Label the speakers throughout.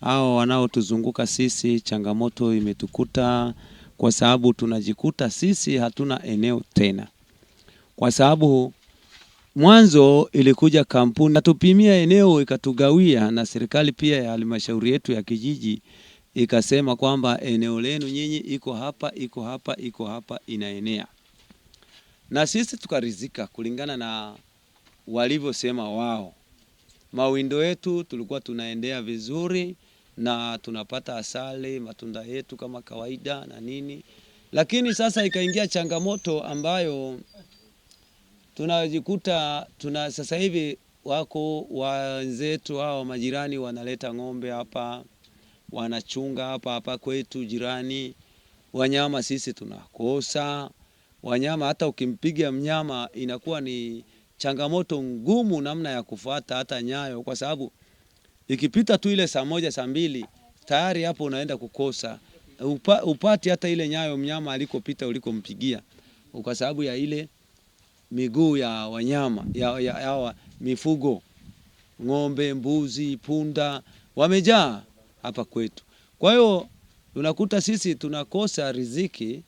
Speaker 1: hao wanaotuzunguka sisi, changamoto imetukuta kwa sababu tunajikuta sisi hatuna eneo tena, kwa sababu mwanzo ilikuja kampuni natupimia eneo ikatugawia, na serikali pia ya halmashauri yetu ya kijiji ikasema kwamba eneo lenu nyinyi iko hapa iko hapa iko hapa, inaenea na sisi tukarizika kulingana na walivyosema wao. Mawindo yetu tulikuwa tunaendea vizuri na tunapata asali matunda yetu kama kawaida na nini, lakini sasa ikaingia changamoto ambayo tunajikuta tuna sasa hivi wako wenzetu hao majirani wanaleta ng'ombe hapa, wanachunga hapa hapa kwetu jirani. Wanyama sisi tunakosa wanyama, hata ukimpiga mnyama inakuwa ni changamoto ngumu namna ya kufuata hata nyayo, kwa sababu Ikipita tu ile saa moja saa mbili tayari hapo unaenda kukosa upa, upati hata ile nyayo mnyama alikopita ulikompigia, kwa sababu ya ile miguu ya wanyama ya, ya, ya, ya mifugo ng'ombe, mbuzi, punda wamejaa hapa kwetu. Kwa hiyo unakuta sisi tunakosa riziki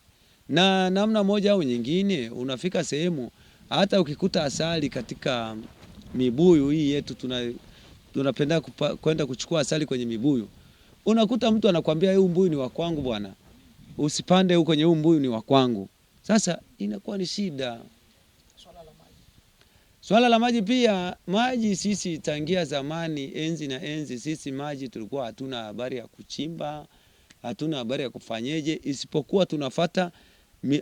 Speaker 1: na namna moja au nyingine, unafika sehemu hata ukikuta asali katika mibuyu hii yetu tuna tunapenda kwenda kuchukua asali kwenye mibuyu, unakuta mtu anakwambia huu mbuyu ni wa kwangu bwana, usipande huko kwenye huu mbuyu ni wa kwangu. Sasa inakuwa ni shida. Swala la maji pia, maji sisi tangia zamani, enzi na enzi, sisi maji tulikuwa hatuna habari ya kuchimba, hatuna habari ya kufanyeje, isipokuwa tunafata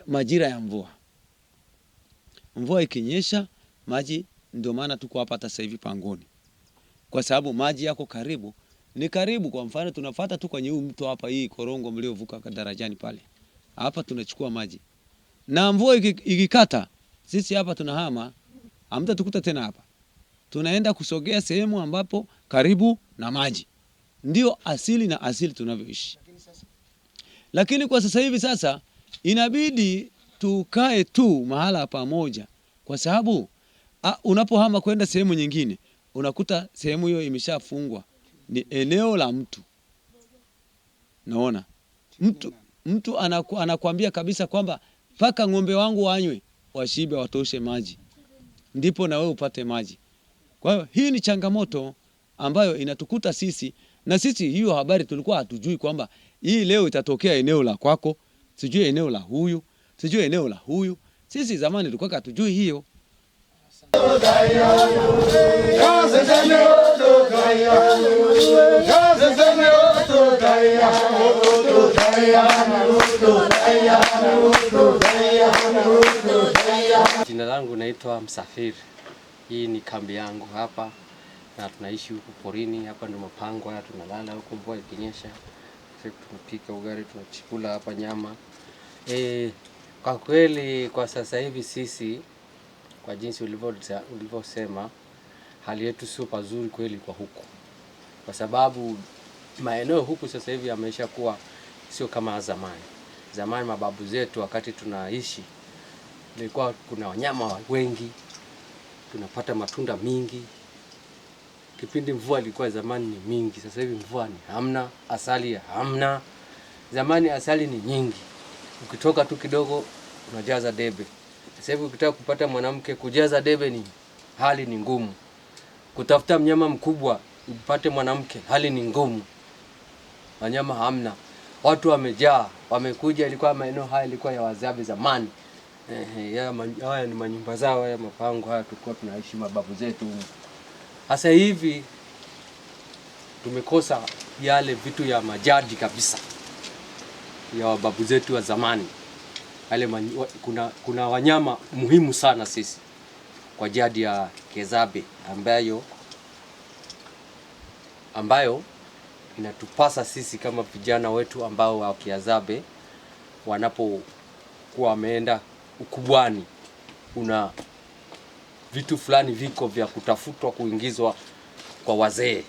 Speaker 1: majira ya mvua. Mvua ikinyesha maji, ndio maana tuko hapa hata sasa hivi pangoni kwa sababu maji yako karibu, ni karibu. Kwa mfano tunafata tu kwenye huu mto hapa, hii korongo mliovuka darajani pale, hapa tunachukua maji, na mvua ikikata, sisi hapa tunahama, hamtatukuta tena hapa, tunaenda kusogea sehemu ambapo karibu na maji. Ndio asili na asili tunavyoishi, lakini kwa sasa hivi sasa inabidi tukae tu mahala pamoja, kwa sababu unapohama kwenda sehemu nyingine unakuta sehemu hiyo imeshafungwa, ni eneo la mtu. Naona mtu, mtu anaku, anakuambia kabisa kwamba mpaka ng'ombe wangu wanywe, washibe, watoshe maji, ndipo na wewe upate maji. Kwa hiyo hii ni changamoto ambayo inatukuta sisi, na sisi hiyo habari tulikuwa hatujui kwamba hii leo itatokea eneo la kwako, sijui eneo la huyu, sijui eneo la huyu. Sisi zamani tulikuwa hatujui hiyo. Jina langu naitwa Msafiri. Hii ni kambi yangu hapa na tunaishi huku porini hapa, ndio mapango haya, tunalala huku mvua ikinyesha, tunapika ugali, tunachikula hapa nyama. E, kwa kweli kwa sasa hivi sisi kwa jinsi ulivyosema, hali yetu sio pazuri kweli kwa huku, kwa sababu maeneo huku sasa hivi yameisha kuwa sio kama zamani. Zamani mababu zetu wakati tunaishi, ilikuwa kuna wanyama wengi, tunapata matunda mingi kipindi mvua ilikuwa zamani ni mingi, sasa hivi mvua ni hamna, asali hamna. Zamani asali ni nyingi, ukitoka tu kidogo unajaza debe. Sasa hivi ukitaka kupata mwanamke kujaza debeni, hali ni ngumu. Kutafuta mnyama mkubwa upate mwanamke, hali ni ngumu. Wanyama hamna, watu wamejaa, wamekuja. Ilikuwa maeneo haya ilikuwa ya wazabi zamani. Haya ni manyumba zao haya, mapango haya tulikuwa tunaishi mababu zetu. Sasa hivi tumekosa yale vitu ya majadi kabisa ya wababu zetu wa zamani yale kuna, kuna wanyama muhimu sana sisi kwa jadi ya Kezabe ambayo, ambayo inatupasa sisi kama vijana wetu ambao wa Kezabe wanapokuwa wameenda ukubwani, kuna vitu fulani viko vya kutafutwa kuingizwa kwa wazee.